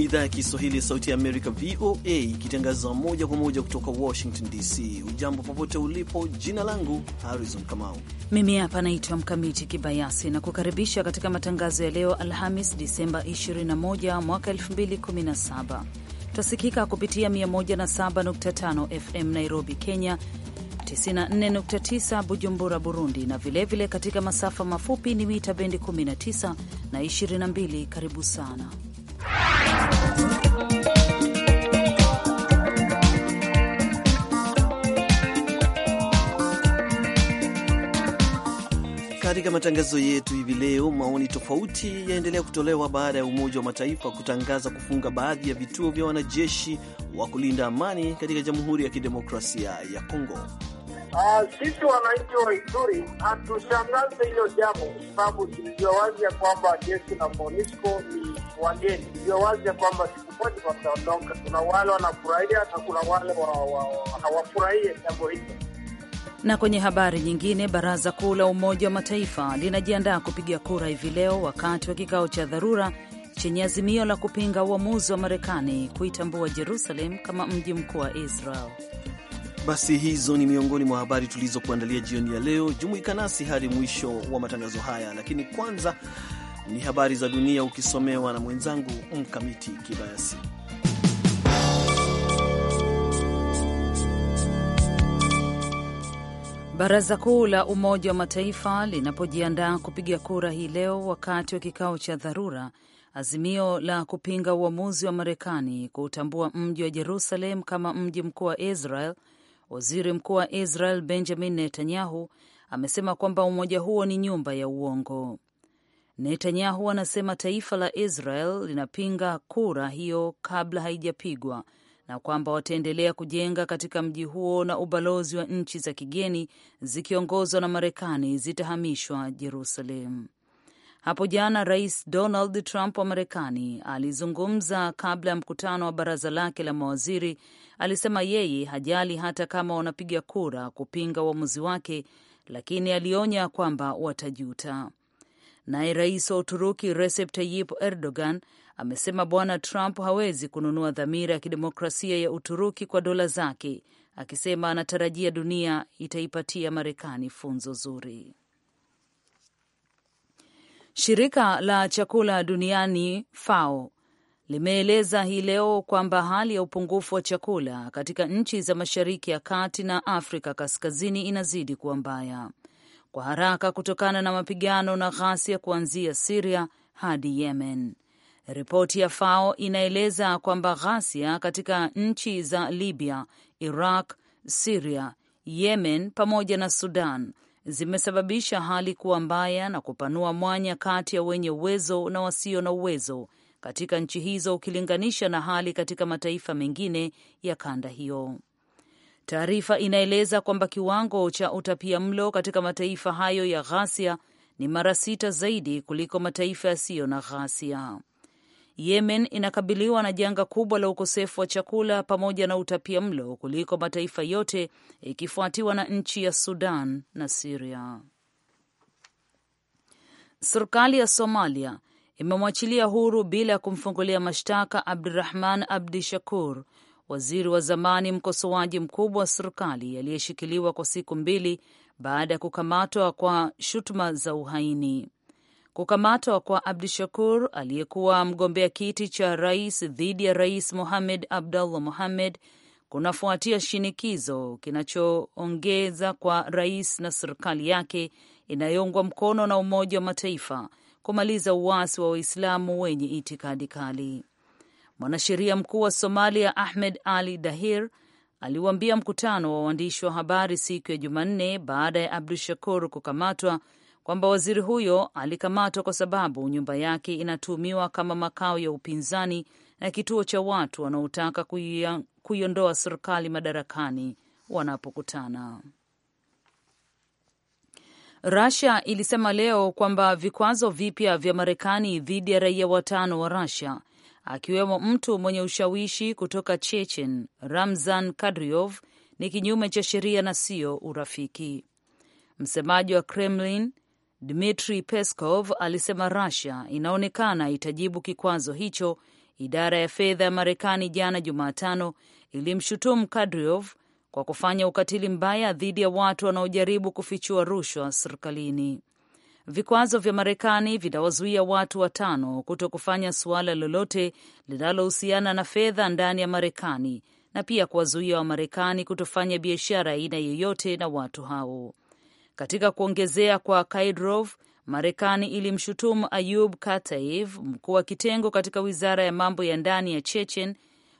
ni idhaa ya Kiswahili ya Sauti ya Amerika, VOA, ikitangaza moja kwa moja kutoka Washington DC. Ujambo popote ulipo, jina langu Harrison Kamau. Mimi hapa naitwa Mkamiti Kibayasi na kukaribisha katika matangazo ya leo Alhamis, Disemba 21 mwaka 2017. tasikika kupitia 107.5 FM Nairobi, Kenya, 94.9 Bujumbura, Burundi, na vilevile vile katika masafa mafupi ni mita bendi 19 na 22. Karibu sana katika matangazo yetu hivi leo, maoni tofauti yaendelea kutolewa baada ya Umoja wa Mataifa kutangaza kufunga baadhi ya vituo vya wanajeshi wa kulinda amani katika Jamhuri ya Kidemokrasia ya Kongo. Ah, sisi wananchi wa Ituri hatushangaze hilo jambo, kwa sababu tulijua wazi ya kwamba jeshi la MONUSCO ni wageni. Ndio wazi ya kwamba siku moja wataondoka. Kuna wale wanafurahia na kuna wale hawafurahie jambo hilo. Na kwenye habari nyingine, baraza kuu la Umoja wa Mataifa linajiandaa kupiga kura hivi leo wakati wa kikao cha dharura chenye azimio la kupinga uamuzi wa Marekani kuitambua Jerusalem kama mji mkuu wa Israel. Basi hizo ni miongoni mwa habari tulizokuandalia jioni ya leo. Jumuika nasi hadi mwisho wa matangazo haya, lakini kwanza ni habari za dunia ukisomewa na mwenzangu Mkamiti Kibayasi. Baraza Kuu la Umoja wa Mataifa linapojiandaa kupiga kura hii leo wakati wa kikao cha dharura azimio la kupinga uamuzi wa Marekani kuutambua mji wa Jerusalem kama mji mkuu wa Israel, waziri mkuu wa Israel Benjamin Netanyahu amesema kwamba umoja huo ni nyumba ya uongo. Netanyahu anasema taifa la Israel linapinga kura hiyo kabla haijapigwa na kwamba wataendelea kujenga katika mji huo na ubalozi wa nchi za kigeni zikiongozwa na Marekani zitahamishwa Jerusalem. Hapo jana Rais Donald Trump wa Marekani alizungumza kabla ya mkutano wa baraza lake la mawaziri. Alisema yeye hajali hata kama wanapiga kura kupinga uamuzi wake, lakini alionya kwamba watajuta. Naye rais wa Uturuki Recep Tayyip Erdogan amesema Bwana Trump hawezi kununua dhamira ya kidemokrasia ya Uturuki kwa dola zake, akisema anatarajia dunia itaipatia Marekani funzo zuri. Shirika la chakula duniani FAO limeeleza hii leo kwamba hali ya upungufu wa chakula katika nchi za Mashariki ya Kati na Afrika Kaskazini inazidi kuwa mbaya kwa haraka kutokana na mapigano na ghasia kuanzia Siria hadi Yemen. Ripoti ya FAO inaeleza kwamba ghasia katika nchi za Libya, Iraq, Siria, Yemen pamoja na Sudan zimesababisha hali kuwa mbaya na kupanua mwanya kati ya wenye uwezo na wasio na uwezo katika nchi hizo ukilinganisha na hali katika mataifa mengine ya kanda hiyo. Taarifa inaeleza kwamba kiwango cha utapia mlo katika mataifa hayo ya ghasia ni mara sita zaidi kuliko mataifa yasiyo na ghasia. Yemen inakabiliwa na janga kubwa la ukosefu wa chakula pamoja na utapia mlo kuliko mataifa yote ikifuatiwa na nchi ya Sudan na Siria. Serikali ya Somalia imemwachilia huru bila ya kumfungulia mashtaka Abdurahman Abdi Shakur waziri wa zamani mkosoaji mkubwa wa serikali aliyeshikiliwa kwa siku mbili baada ya kukamatwa kwa shutuma za uhaini. Kukamatwa kwa Abdu Shakur aliyekuwa mgombea kiti cha rais dhidi ya rais Mohamed Abdullah Mohamed kunafuatia shinikizo kinachoongeza kwa rais na serikali yake inayoungwa mkono na Umoja wa Mataifa kumaliza uasi wa Waislamu wenye itikadi kali. Mwanasheria mkuu wa Somalia Ahmed Ali Dahir aliwaambia mkutano wa waandishi wa habari siku ya Jumanne baada ya Abdu Shakur kukamatwa kwamba waziri huyo alikamatwa kwa sababu nyumba yake inatumiwa kama makao ya upinzani na kituo cha watu wanaotaka kuiondoa serikali madarakani wanapokutana. rasia ilisema leo kwamba vikwazo vipya vya Marekani dhidi ya raia watano wa rasia akiwemo mtu mwenye ushawishi kutoka Chechen, Ramzan kadriov ni kinyume cha sheria na sio urafiki. Msemaji wa Kremlin Dmitri Peskov alisema Rusia inaonekana itajibu kikwazo hicho. Idara ya fedha ya Marekani jana Jumatano ilimshutumu kadriov kwa kufanya ukatili mbaya dhidi ya watu wanaojaribu kufichua rushwa serikalini. Vikwazo vya Marekani vinawazuia watu watano kuto kufanya suala lolote linalohusiana na fedha ndani ya Marekani na pia kuwazuia Wamarekani kutofanya biashara aina yoyote na watu hao. Katika kuongezea kwa kaidrov Marekani ilimshutumu Ayub Kataiv, mkuu wa kitengo katika wizara ya mambo ya ndani ya Chechen,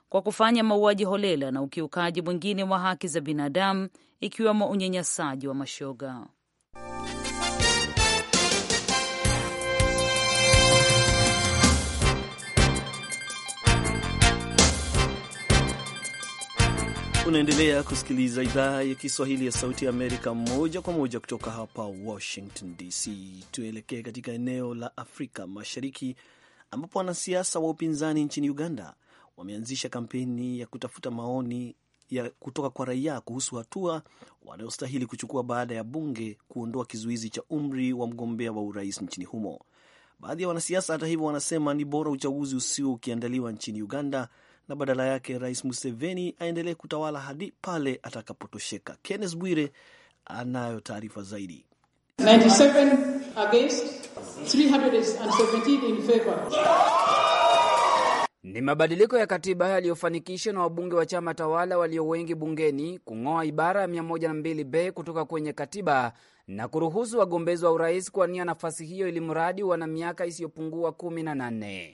kwa kufanya mauaji holela na ukiukaji mwingine wa haki za binadamu ikiwemo unyanyasaji wa mashoga. Unaendelea kusikiliza idhaa ya Kiswahili ya Sauti ya Amerika moja kwa moja kutoka hapa Washington DC. Tuelekee katika eneo la Afrika Mashariki ambapo wanasiasa wa upinzani nchini Uganda wameanzisha kampeni ya kutafuta maoni ya kutoka kwa raia kuhusu hatua wanayostahili kuchukua baada ya bunge kuondoa kizuizi cha umri wa mgombea wa urais nchini humo. Baadhi ya wanasiasa hata hivyo wanasema ni bora uchaguzi usio ukiandaliwa nchini Uganda na badala yake Rais Museveni aendelee kutawala hadi pale atakapotosheka. Kenneth Bwire anayo taarifa zaidi. 97 against, 317 in favor. Ni mabadiliko ya katiba yaliyofanikishwa na wabunge wa chama tawala walio wengi bungeni kung'oa ibara ya 102b kutoka kwenye katiba na kuruhusu wagombezi wa urais kuwania nafasi hiyo ili mradi wana miaka isiyopungua kumi na nane.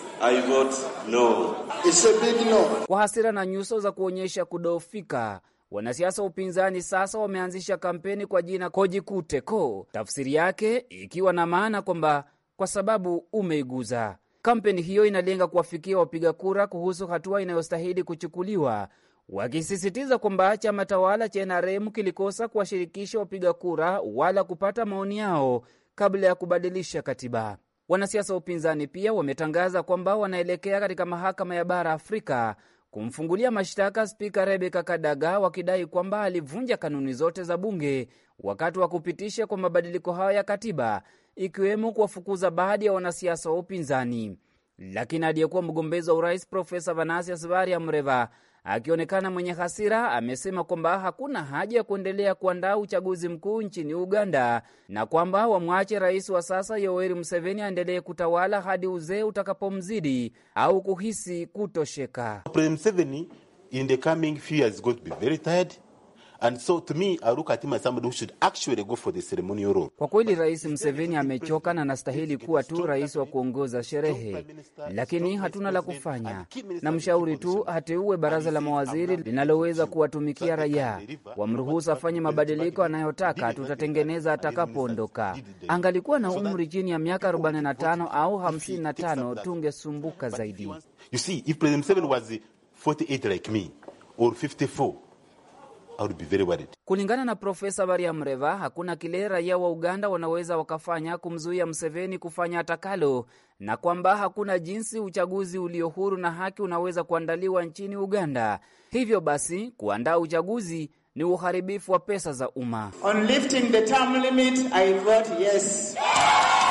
Kwa hasira na nyuso za kuonyesha kudofika, wanasiasa wa upinzani sasa wameanzisha kampeni kwa jina kojikuteko tafsiri yake ikiwa na maana kwamba kwa sababu umeiguza. Kampeni hiyo inalenga kuwafikia wapiga kura kuhusu hatua inayostahili kuchukuliwa wakisisitiza kwamba chama tawala cha NRM kilikosa kuwashirikisha wapiga kura wala kupata maoni yao kabla ya kubadilisha katiba. Wanasiasa wa upinzani pia wametangaza kwamba wanaelekea katika mahakama ya bara Afrika kumfungulia mashtaka spika Rebeka Kadaga wakidai kwamba alivunja kanuni zote za bunge wakati wa kupitisha kwa mabadiliko hayo ya katiba, ikiwemo kuwafukuza baadhi ya wanasiasa wa upinzani. Lakini aliyekuwa mgombezi wa urais Profesa Vanasius mreva akionekana mwenye hasira, amesema kwamba hakuna haja ya kuendelea kuandaa uchaguzi mkuu nchini Uganda na kwamba wamwache rais wa sasa Yoweri Museveni aendelee kutawala hadi uzee utakapomzidi au kuhisi kutosheka. And so to me, I look at him as somebody who should actually go for the ceremonial role. Kwa kweli Rais Mseveni amechoka na anastahili kuwa tu rais wa kuongoza sherehe, lakini hatuna la kufanya. Namshauri tu ateue baraza la mawaziri linaloweza kuwatumikia raia, wamruhusu afanye mabadiliko anayotaka, tutatengeneza atakapoondoka. Angalikuwa na umri chini ya miaka 45 au 55, tungesumbuka zaidi. You see, if President was 48 like me or 54 Kulingana na Profesa Mariam mreva hakuna kile raia wa Uganda wanaweza wakafanya kumzuia Mseveni kufanya atakalo, na kwamba hakuna jinsi uchaguzi ulio huru na haki unaweza kuandaliwa nchini Uganda. Hivyo basi kuandaa uchaguzi ni uharibifu wa pesa za umma. Yes.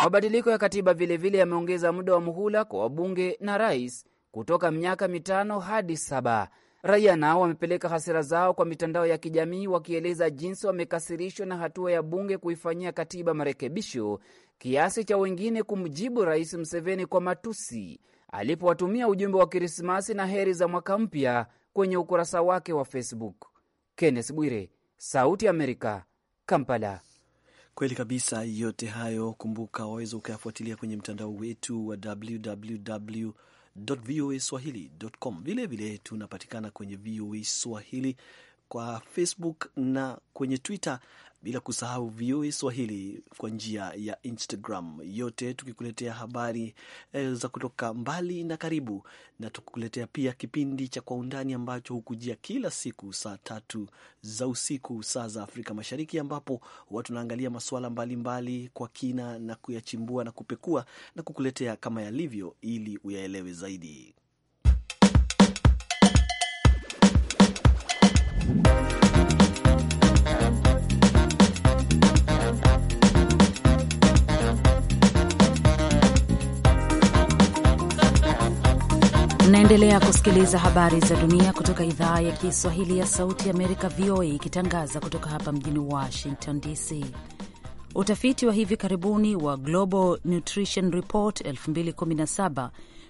Mabadiliko ya katiba vilevile yameongeza muda wa muhula kwa wabunge na rais kutoka miaka mitano hadi saba. Raia nao wamepeleka hasira zao kwa mitandao ya kijamii wakieleza jinsi wamekasirishwa na hatua ya bunge kuifanyia katiba marekebisho kiasi cha wengine kumjibu Rais Museveni kwa matusi alipowatumia ujumbe wa Krismasi na heri za mwaka mpya kwenye ukurasa wake wa Facebook. Kenneth Bwire, Sauti ya Amerika, Kampala. Kweli kabisa, yote hayo kumbuka, waweza ukayafuatilia kwenye mtandao wetu wa www voa swahili.com. Vilevile tunapatikana kwenye VOA Swahili kwa Facebook na kwenye Twitter bila kusahau VOA Swahili kwa njia ya Instagram, yote tukikuletea habari eh, za kutoka mbali na karibu, na tukikuletea pia kipindi cha Kwa Undani ambacho hukujia kila siku saa tatu za usiku saa za Afrika Mashariki, ambapo huwa tunaangalia masuala mbalimbali kwa kina na kuyachimbua na kupekua na kukuletea kama yalivyo, ili uyaelewe zaidi. Mnaendelea kusikiliza habari za dunia kutoka idhaa ya Kiswahili ya Sauti ya Amerika, VOA, ikitangaza kutoka hapa mjini Washington DC. Utafiti wa hivi karibuni wa Global Nutrition Report 2017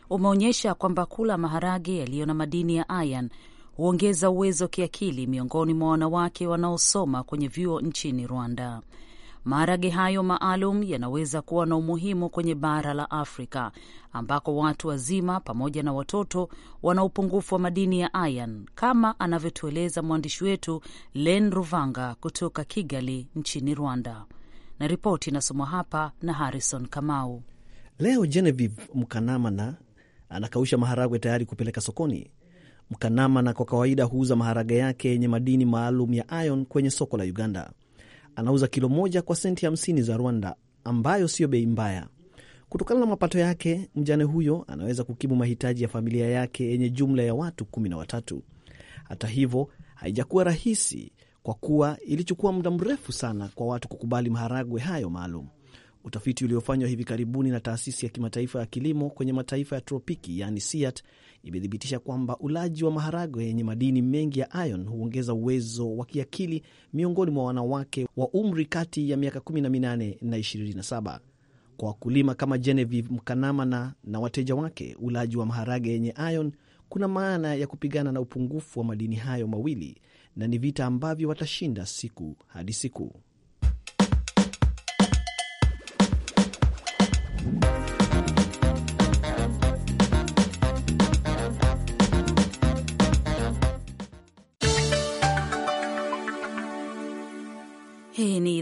umeonyesha kwamba kula maharage yaliyo na madini ya iron huongeza uwezo wa kiakili miongoni mwa wanawake wanaosoma kwenye vyuo nchini Rwanda. Maharage hayo maalum yanaweza kuwa na umuhimu kwenye bara la Afrika ambako watu wazima pamoja na watoto wana upungufu wa madini ya iron, kama anavyotueleza mwandishi wetu Len Ruvanga kutoka Kigali nchini Rwanda, na ripoti inasomwa hapa na Harrison Kamau. Leo Genevieve Mkanamana anakausha maharagwe tayari kupeleka sokoni. Mkanamana kwa kawaida huuza maharage yake yenye madini maalum ya iron kwenye soko la Uganda. Anauza kilo moja kwa senti hamsini za Rwanda, ambayo siyo bei mbaya. Kutokana na mapato yake, mjane huyo anaweza kukimu mahitaji ya familia yake yenye jumla ya watu kumi na watatu. Hata hivyo, haijakuwa rahisi kwa kuwa ilichukua muda mrefu sana kwa watu kukubali maharagwe hayo maalum. Utafiti uliofanywa hivi karibuni na taasisi ya kimataifa ya kilimo kwenye mataifa ya tropiki yani SIAT imethibitisha kwamba ulaji wa maharagwe yenye madini mengi ya iron huongeza uwezo wa kiakili miongoni mwa wanawake wa umri kati ya miaka 18 na 27. Kwa wakulima kama Genevieve Mkanamana na wateja wake, ulaji wa maharage yenye iron kuna maana ya kupigana na upungufu wa madini hayo mawili, na ni vita ambavyo watashinda siku hadi siku.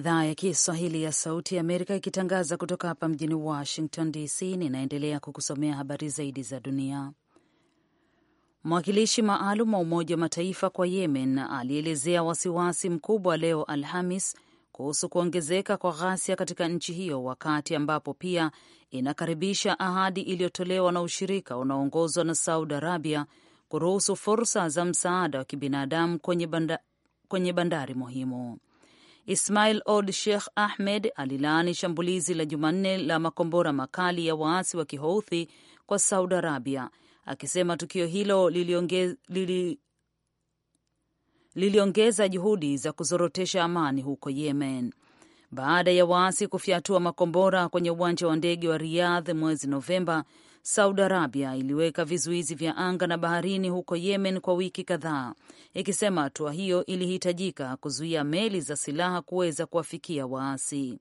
idhaa ya Kiswahili ya Sauti ya Amerika ikitangaza kutoka hapa mjini Washington DC. Ninaendelea kukusomea habari zaidi za dunia. Mwakilishi maalum wa Umoja wa Mataifa kwa Yemen alielezea wasiwasi mkubwa leo Alhamis kuhusu kuongezeka kwa ghasia katika nchi hiyo, wakati ambapo pia inakaribisha ahadi iliyotolewa na ushirika unaoongozwa na Saudi Arabia kuruhusu fursa za msaada wa kibinadamu kwenye, banda, kwenye bandari muhimu. Ismail Old Sheikh Ahmed alilaani shambulizi la Jumanne la makombora makali ya waasi wa Kihouthi kwa Saudi Arabia, akisema tukio hilo liliongeza lili, liliongeza juhudi za kuzorotesha amani huko Yemen baada ya waasi kufyatua makombora kwenye uwanja wa ndege wa Riyadh mwezi Novemba Saudi Arabia iliweka vizuizi vya anga na baharini huko Yemen kwa wiki kadhaa, ikisema hatua hiyo ilihitajika kuzuia meli za silaha kuweza kuwafikia waasi.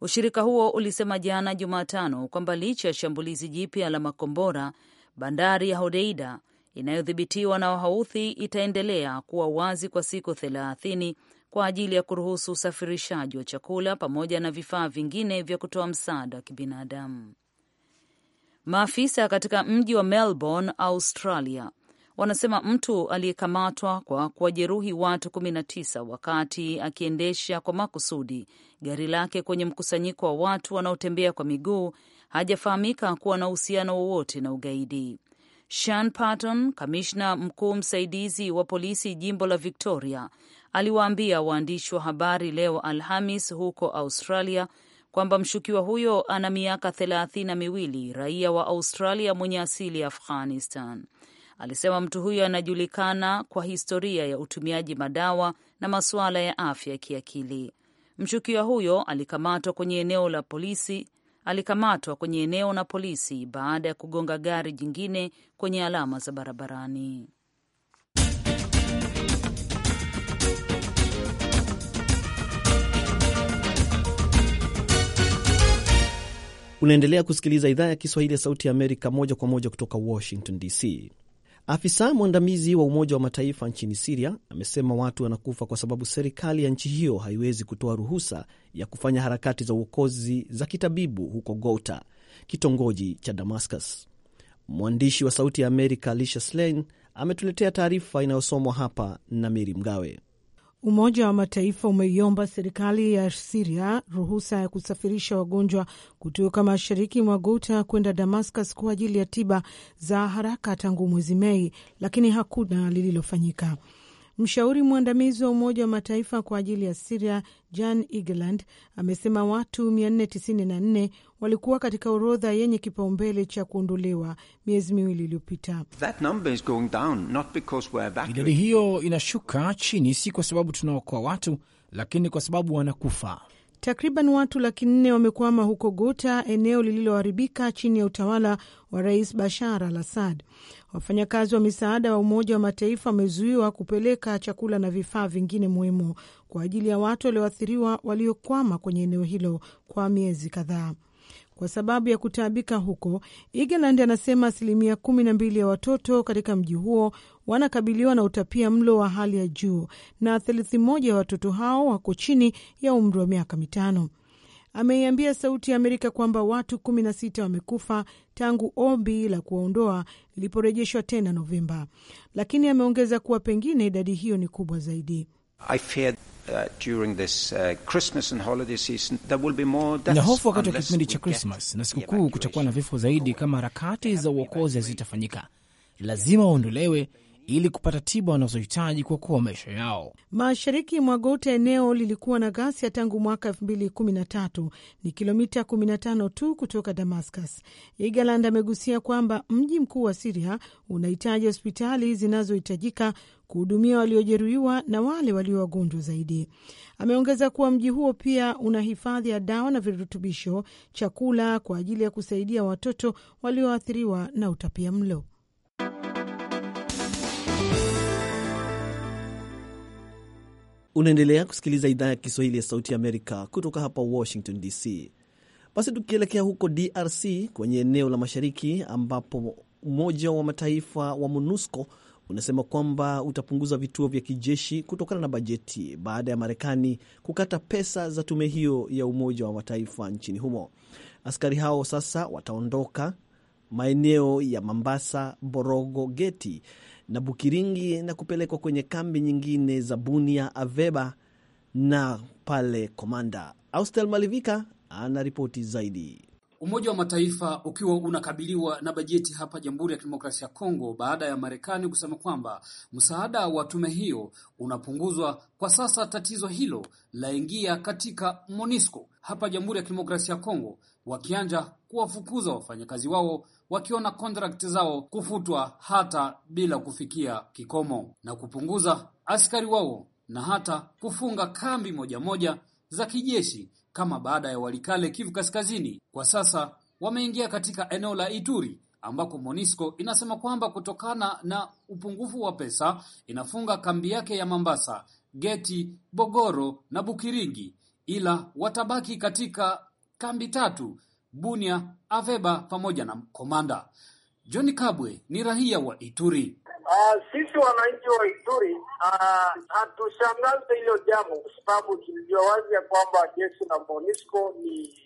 Ushirika huo ulisema jana Jumatano kwamba licha ya shambulizi jipya la makombora, bandari ya Hodeida inayodhibitiwa na wahauthi itaendelea kuwa wazi kwa siku thelathini kwa ajili ya kuruhusu usafirishaji wa chakula pamoja na vifaa vingine vya kutoa msaada wa kibinadamu. Maafisa katika mji wa Melbourne, Australia, wanasema mtu aliyekamatwa kwa kuwajeruhi watu 19 wakati akiendesha kwa makusudi gari lake kwenye mkusanyiko wa watu wanaotembea kwa miguu hajafahamika kuwa na uhusiano wowote na ugaidi. Shan Patton, kamishna mkuu msaidizi wa polisi jimbo la Victoria, aliwaambia waandishi wa habari leo Alhamis huko Australia kwamba mshukiwa huyo ana miaka thelathini na miwili, raia wa Australia mwenye asili ya Afghanistan. Alisema mtu huyo anajulikana kwa historia ya utumiaji madawa na masuala ya afya ya kiakili. Mshukiwa huyo alikamatwa kwenye eneo la polisi alikamatwa kwenye eneo na polisi baada ya kugonga gari jingine kwenye alama za barabarani. Unaendelea kusikiliza idhaa ya Kiswahili ya Sauti ya Amerika moja kwa moja kutoka Washington DC. Afisa mwandamizi wa Umoja wa Mataifa nchini Siria amesema watu wanakufa kwa sababu serikali ya nchi hiyo haiwezi kutoa ruhusa ya kufanya harakati za uokozi za kitabibu huko Gouta, kitongoji cha Damascus. Mwandishi wa Sauti ya Amerika Lisha Slein ametuletea taarifa inayosomwa hapa na Meri Mgawe. Umoja wa Mataifa umeiomba serikali ya Siria ruhusa ya kusafirisha wagonjwa kutoka mashariki mwa Guta kwenda Damascus kwa ajili ya tiba za haraka tangu mwezi Mei, lakini hakuna lililofanyika. Mshauri mwandamizi wa Umoja wa Mataifa kwa ajili ya Siria Jan Egeland amesema watu 494 walikuwa katika orodha yenye kipaumbele cha kuondolewa miezi miwili iliyopita. Idadi hiyo inashuka chini, si kwa sababu tunaokoa watu, lakini kwa sababu wanakufa. Takriban watu laki nne wamekwama huko Guta, eneo lililoharibika chini ya utawala wa Rais Bashar al Assad. Wafanyakazi wa misaada wa Umoja wa Mataifa wamezuiwa kupeleka chakula na vifaa vingine muhimu kwa ajili ya watu walioathiriwa waliokwama kwenye eneo hilo kwa miezi kadhaa. Kwa sababu ya kutaabika huko, Egeland anasema asilimia kumi na mbili ya watoto katika mji huo wanakabiliwa na utapia mlo wa hali ya juu na theluthi moja ya watoto hao wako chini ya umri wa miaka mitano. Ameiambia Sauti ya Amerika kwamba watu 16 wamekufa tangu ombi la kuwaondoa liliporejeshwa tena Novemba, lakini ameongeza kuwa pengine idadi hiyo ni kubwa zaidi. Na hofu wakati wa kipindi cha Krismas na sikukuu kutakuwa na vifo zaidi kama harakati za uokozi hazitafanyika. Lazima waondolewe ili kupata tiba wanazohitaji kwa kuwa maisha yao. Mashariki mwa Gota, eneo lilikuwa na ghasia tangu mwaka 2013 ni kilomita 15 tu kutoka Damascus. Egeland amegusia kwamba mji mkuu wa Siria unahitaji hospitali zinazohitajika kuhudumia waliojeruhiwa na wale walio wagonjwa zaidi. Ameongeza kuwa mji huo pia una hifadhi ya dawa na virutubisho, chakula kwa ajili ya kusaidia watoto walioathiriwa na utapia mlo. Unaendelea kusikiliza idhaa ya Kiswahili ya Sauti ya Amerika kutoka hapa Washington DC. Basi tukielekea huko DRC kwenye eneo la mashariki, ambapo Umoja wa Mataifa wa MONUSCO unasema kwamba utapunguza vituo vya kijeshi kutokana na bajeti baada ya Marekani kukata pesa za tume hiyo ya Umoja wa Mataifa nchini humo. Askari hao sasa wataondoka maeneo ya Mambasa, Borogo, Geti na Bukiringi na kupelekwa kwenye kambi nyingine za Bunia, Aveba na pale Komanda. Austel Malivika ana ripoti zaidi. Umoja wa Mataifa ukiwa unakabiliwa na bajeti hapa Jamhuri ya Kidemokrasia ya Kongo baada ya Marekani kusema kwamba msaada wa tume hiyo unapunguzwa kwa sasa. Tatizo hilo laingia katika MONUSCO hapa Jamhuri ya Kidemokrasia ya Kongo, wakianja kuwafukuza wafanyakazi wao wakiona contract zao kufutwa hata bila kufikia kikomo na kupunguza askari wao na hata kufunga kambi moja moja za kijeshi kama baada ya Walikale, Kivu Kaskazini. Kwa sasa wameingia katika eneo la Ituri ambako Monisco inasema kwamba kutokana na upungufu wa pesa inafunga kambi yake ya Mambasa, Geti, Bogoro na Bukiringi, ila watabaki katika kambi tatu Bunia, Aveba pamoja na komanda John Kabwe ni raia wa Ituri. Uh, sisi wananchi wa Ituri uh, uh, hilo jambo kwa sababu tulijua wazi ya kwamba jeshi na MONUSCO ni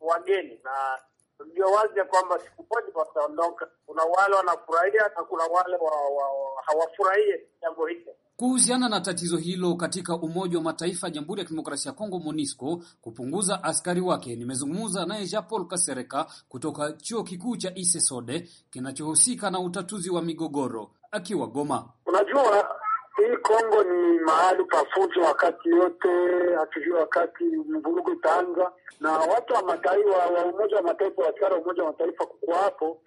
wageni na tulijua wazi ya kwamba siku moja wataondoka. Kuna wale wanafurahia na kuna wale wa, wa, wa, hawafurahie jambo hilo kuhusiana na tatizo hilo katika Umoja wa Mataifa ya Jamhuri ya Kidemokrasia ya Kongo MONUSCO kupunguza askari wake. Nimezungumza naye Jean Paul Kasereka kutoka chuo kikuu cha Isesode kinachohusika na utatuzi wa migogoro akiwa Goma. Unajua, hii Kongo ni mahali pa fujo wakati yote, hatujui wakati mvurugu itaanza, na watu wa mataifa wa Umoja wa Mataifa, askari wa Umoja wa Mataifa kuko hapo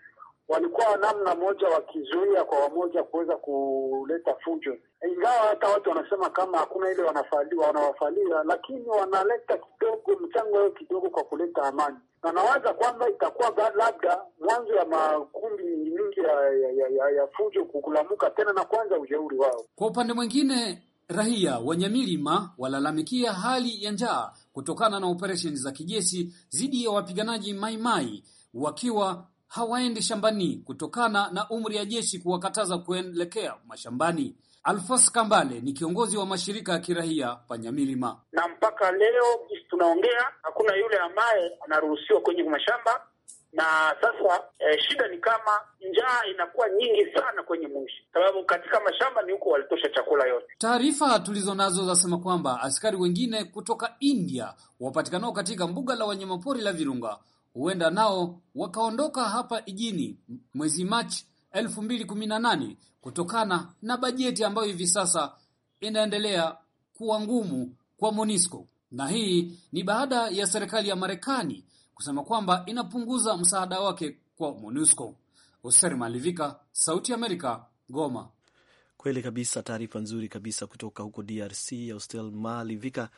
walikuwa namna moja wakizuia kwa wamoja kuweza kuleta fujo, ingawa hata watu wanasema kama hakuna ile wanafaliwa, wanawafalia, lakini wanaleta kidogo mchango wao kidogo kwa kuleta amani, na nawaza kwamba itakuwa labda mwanzo ya makundi mingi ya, ya, ya, ya, ya fujo kukulamuka tena na kwanza ujeuri wao. Kwa upande mwingine, raia wenye milima walalamikia hali ya njaa kutokana na operesheni za kijeshi dhidi ya wapiganaji maimai wakiwa hawaendi shambani kutokana na umri ya jeshi kuwakataza kuelekea mashambani. Alfos Kambale ni kiongozi wa mashirika ya kirahia Panyamilima. Na mpaka leo tunaongea, hakuna yule ambaye anaruhusiwa kwenye mashamba na sasa eh, shida ni kama njaa inakuwa nyingi sana kwenye mwishi, sababu katika mashamba ni huko walitosha chakula yote. Taarifa tulizo nazo zasema kwamba askari wengine kutoka India wapatikanao katika mbuga la wanyamapori la Virunga huenda nao wakaondoka hapa jijini mwezi Machi 2018 kutokana na bajeti ambayo hivi sasa inaendelea kuwa ngumu kwa Monisco, na hii ni baada ya serikali ya Marekani kusema kwamba inapunguza msaada wake kwa Monusco. Hoser Malivika, Sauti ya Amerika, Goma. Kweli kabisa, taarifa nzuri kabisa kutoka huko DRC. Hostel Malivika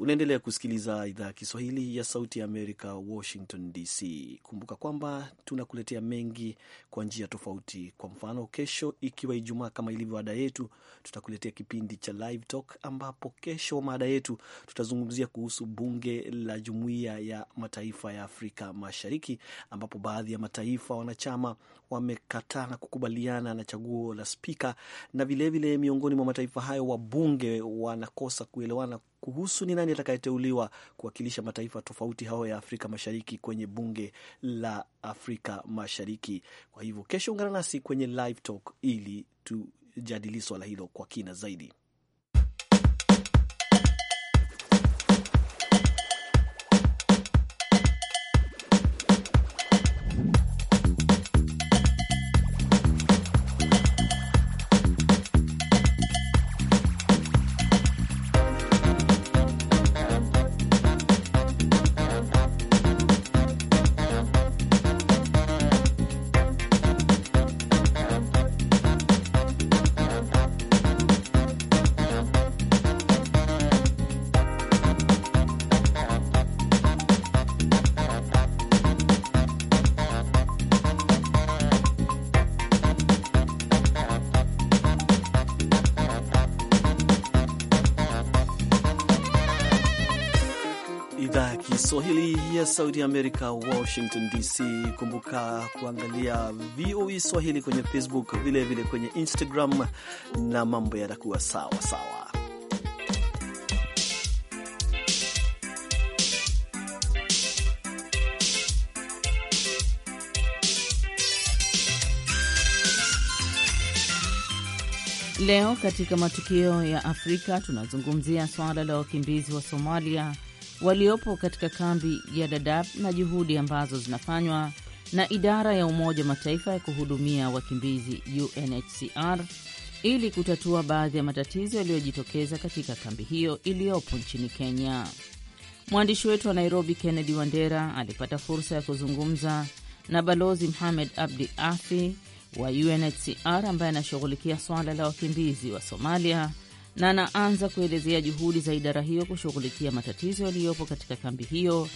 Unaendelea kusikiliza idhaa ya Kiswahili ya Sauti ya Amerika, Washington DC. Kumbuka kwamba tunakuletea mengi kwa njia tofauti. Kwa mfano, kesho ikiwa Ijumaa, kama ilivyo ada yetu, tutakuletea kipindi cha Live Talk, ambapo kesho mada yetu tutazungumzia kuhusu bunge la Jumuiya ya Mataifa ya Afrika Mashariki, ambapo baadhi ya mataifa wanachama wamekataa kukubaliana na chaguo la spika, na vilevile miongoni mwa mataifa hayo wabunge wanakosa kuelewana kuhusu ni nani atakayeteuliwa kuwakilisha mataifa tofauti hao ya Afrika Mashariki kwenye bunge la Afrika Mashariki. Kwa hivyo kesho, ungana nasi kwenye Live Talk ili tujadili swala hilo kwa kina zaidi. Kiswahili ya Sauti Amerika, Washington DC. Kumbuka kuangalia VOA e Swahili kwenye Facebook, vilevile vile kwenye Instagram, na mambo yatakuwa sawa sawa. Leo katika matukio ya Afrika tunazungumzia swala la wakimbizi wa Somalia waliopo katika kambi ya Dadaab na juhudi ambazo zinafanywa na idara ya Umoja wa Mataifa ya kuhudumia wakimbizi UNHCR ili kutatua baadhi ya matatizo yaliyojitokeza katika kambi hiyo iliyopo nchini Kenya. Mwandishi wetu wa Nairobi, Kennedy Wandera, alipata fursa ya kuzungumza na Balozi Mohamed Abdi Afi wa UNHCR ambaye anashughulikia swala la wakimbizi wa Somalia na anaanza kuelezea juhudi za idara hiyo kushughulikia matatizo yaliyopo katika kambi hiyo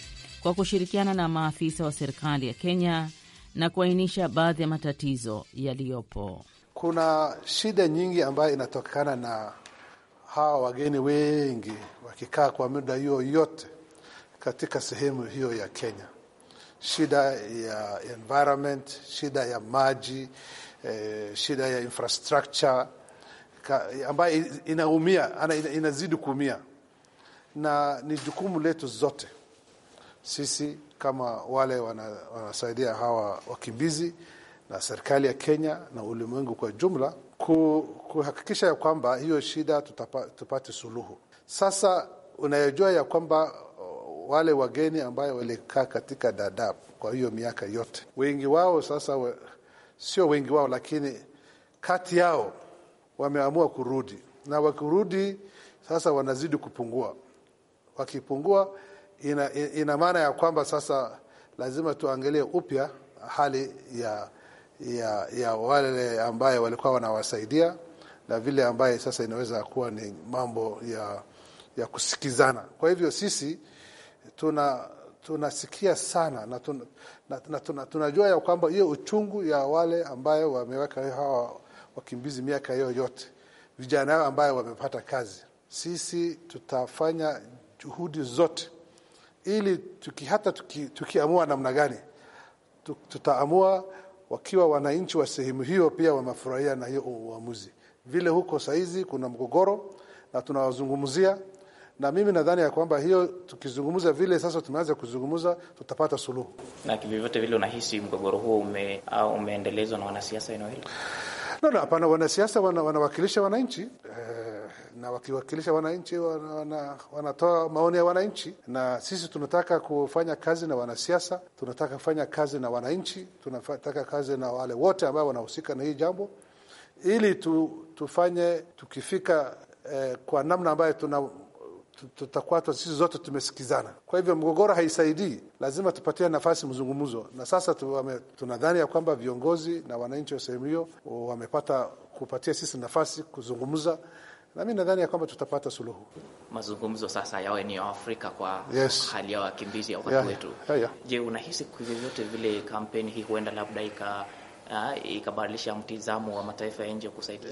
kwa kushirikiana na maafisa wa serikali ya Kenya na kuainisha baadhi ya matatizo yaliyopo. Kuna shida nyingi ambayo inatokana na hawa wageni wengi wakikaa kwa muda hiyo yote katika sehemu hiyo ya Kenya, shida ya environment, shida ya maji, eh, shida ya infrastructure ambayo inaumia ana inazidi kuumia, na ni jukumu letu zote sisi kama wale wana, wanasaidia hawa wakimbizi na serikali ya Kenya na ulimwengu kwa jumla kuhakikisha ya kwamba hiyo shida tutapa, tupate suluhu. Sasa unayojua ya kwamba uh, wale wageni ambayo walikaa katika Dadaab kwa hiyo miaka yote, wengi wao sasa, sio wengi wao, lakini kati yao wameamua kurudi, na wakirudi sasa wanazidi kupungua. Wakipungua ina, ina maana ya kwamba sasa lazima tuangalie upya hali ya, ya, ya wale ambaye walikuwa wanawasaidia na vile ambaye sasa inaweza kuwa ni mambo ya, ya kusikizana. Kwa hivyo sisi tuna tunasikia sana na, tun, na, na, tunajua ya kwamba hiyo uchungu ya wale ambayo wameweka hawa wakimbizi miaka hiyo yote, vijana hao ambayo wamepata kazi. Sisi tutafanya juhudi zote ili tuki, hata tukiamua namna gani tutaamua wakiwa wananchi wa sehemu hiyo pia wamefurahia na hiyo uamuzi. Vile huko saizi kuna mgogoro na tunawazungumzia, na mimi nadhani ya kwamba hiyo tukizungumza vile sasa tumeanza kuzungumza tutapata suluhu. Na kivyovyote vile, unahisi mgogoro huo ume, umeendelezwa na wanasiasa eneo hilo? No, hapana. Wanasiasa wanawakilisha wana wananchi e, na wakiwakilisha wananchi wana, wanatoa maoni ya wananchi, na sisi tunataka kufanya kazi na wanasiasa, tunataka kufanya kazi na wananchi, tunataka kazi na wale wote ambao wanahusika na hii jambo, ili tu, tufanye tukifika eh, kwa namna ambayo tuna tutakuwa sisi zote tumesikizana. Kwa hivyo mgogoro haisaidii, lazima tupatie nafasi mzungumzo, na sasa tunadhani ya kwamba viongozi na wananchi wa sehemu hiyo uh, wamepata kupatia sisi nafasi kuzungumza, na mi nadhani ya kwamba tutapata suluhu. Mazungumzo sasa yawe ni Afrika kwa yes, hali ya wakimbizi ya watu wetu yeah, yeah. Je, unahisi vyovyote vile kampeni hii huenda labda ika ah, ikabadilisha mtizamo wa mataifa ya nje kusaidia?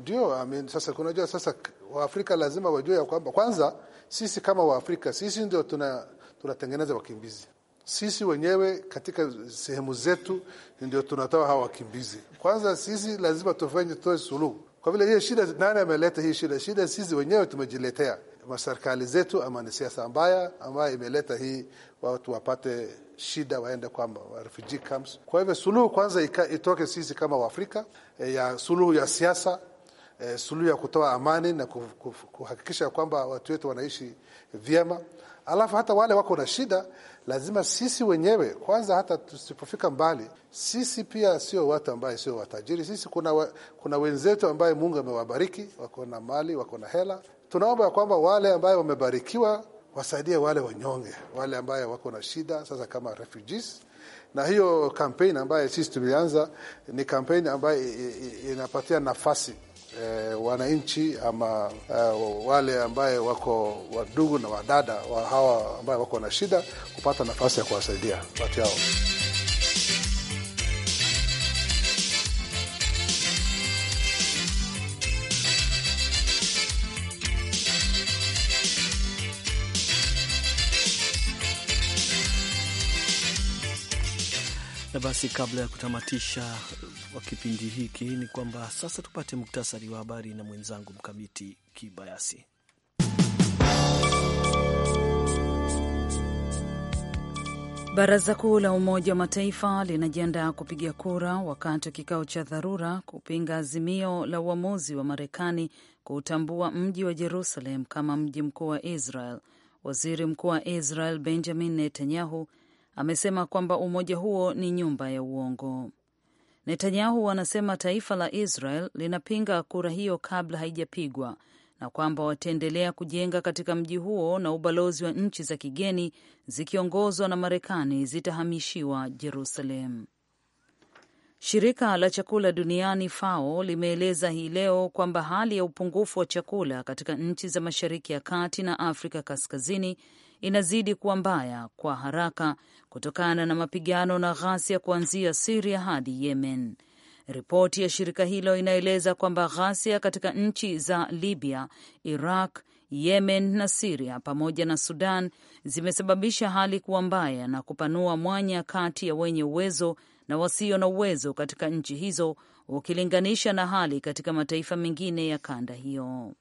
Ndio, I mean, sasa kunajua sasa Waafrika lazima wajue ya kwamba kwanza sisi kama Waafrika sisi ndio tuna tunatengeneza wakimbizi sisi wenyewe katika sehemu zetu ndio tunatoa hawa wakimbizi. Kwanza sisi lazima tufanye, tutoe suluhu kwa vile hiyo shida. Nani ameleta hii shida? Shida sisi wenyewe tumejiletea, serikali zetu ama ni siasa mbaya ambayo imeleta hii, watu wapate shida, waende kwamba refugee camps. Kwa hivyo suluhu kwanza itoke sisi kama Waafrika, eh, ya suluhu ya siasa eh, suluhu ya kutoa amani na kuhakikisha kwamba watu wetu wanaishi vyema. Alafu hata wale wako na shida, lazima sisi wenyewe kwanza, hata tusipofika mbali, sisi pia sio watu ambaye sio watajiri. Sisi kuna, wa, kuna wenzetu ambaye Mungu amewabariki wako na mali, wako na hela. Tunaomba ya kwamba wale ambaye wamebarikiwa wasaidie wale wanyonge, wale ambaye wako na shida, sasa kama refugees na hiyo kampeni ambayo sisi tulianza ni kampeni ambayo inapatia nafasi e, wananchi ama e, wale ambaye wako wadugu na wadada wa hawa ambaye wako na shida kupata nafasi ya kuwasaidia watu yao. basi kabla ya kutamatisha wa kipindi hiki ni kwamba sasa tupate muktasari wa habari na mwenzangu Mkamiti Kibayasi. Baraza Kuu la Umoja wa Mataifa linajiandaa kupiga kura wakati wa kikao cha dharura kupinga azimio la uamuzi wa Marekani kuutambua mji wa Jerusalem kama mji mkuu wa Israel. Waziri Mkuu wa Israel Benjamin Netanyahu amesema kwamba umoja huo ni nyumba ya uongo. Netanyahu anasema taifa la Israel linapinga kura hiyo kabla haijapigwa na kwamba wataendelea kujenga katika mji huo na ubalozi wa nchi za kigeni zikiongozwa na Marekani zitahamishiwa Jerusalem. Shirika la chakula duniani FAO limeeleza hii leo kwamba hali ya upungufu wa chakula katika nchi za Mashariki ya Kati na Afrika Kaskazini inazidi kuwa mbaya kwa haraka kutokana na mapigano na ghasia kuanzia Siria hadi Yemen. Ripoti ya shirika hilo inaeleza kwamba ghasia katika nchi za Libya, Iraq, Yemen na Siria pamoja na Sudan zimesababisha hali kuwa mbaya na kupanua mwanya kati ya wenye uwezo na wasio na uwezo katika nchi hizo ukilinganisha na hali katika mataifa mengine ya kanda hiyo.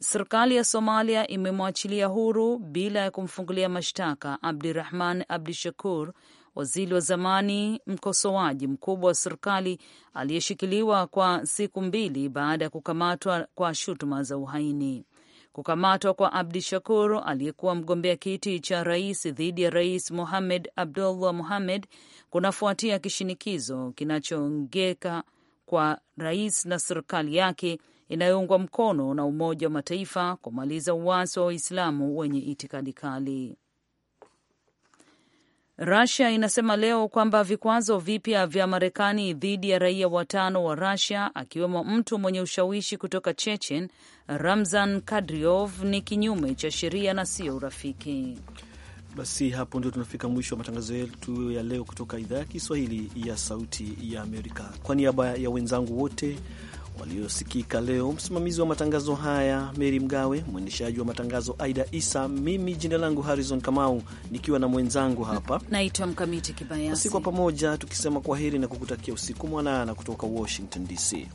Serikali ya Somalia imemwachilia huru bila ya kumfungulia mashtaka Abdirahman shakur waziri wa zamani mkosoaji mkubwa wa serikali aliyeshikiliwa kwa siku mbili baada ya kukamatwa kwa shutuma za uhaini. Kukamatwa kwa Abdi Shakur aliyekuwa mgombea kiti cha rais dhidi ya rais Mohamed Abdullah Mohamed kunafuatia kishinikizo kinachoongeka kwa rais na serikali yake inayoungwa mkono na Umoja wa Mataifa kumaliza uwasi wa Waislamu wenye itikadi kali. Rusia inasema leo kwamba vikwazo vipya vya Marekani dhidi ya raia watano wa Rusia akiwemo mtu mwenye ushawishi kutoka Chechen, Ramzan kadriov ni kinyume cha sheria na sio urafiki. Basi hapo ndio tunafika mwisho wa matangazo yetu ya leo kutoka idhaa ya Kiswahili ya Sauti ya Amerika. Kwa niaba ya wenzangu wote waliosikika leo. Msimamizi wa matangazo haya Meri Mgawe, mwendeshaji wa matangazo Aida Isa, mimi jina langu Harrison Kamau nikiwa na mwenzangu hapa naitwa Mkamiti Kibayasi, kwa pamoja tukisema kwa heri na kukutakia usiku mwanana kutoka Washington DC.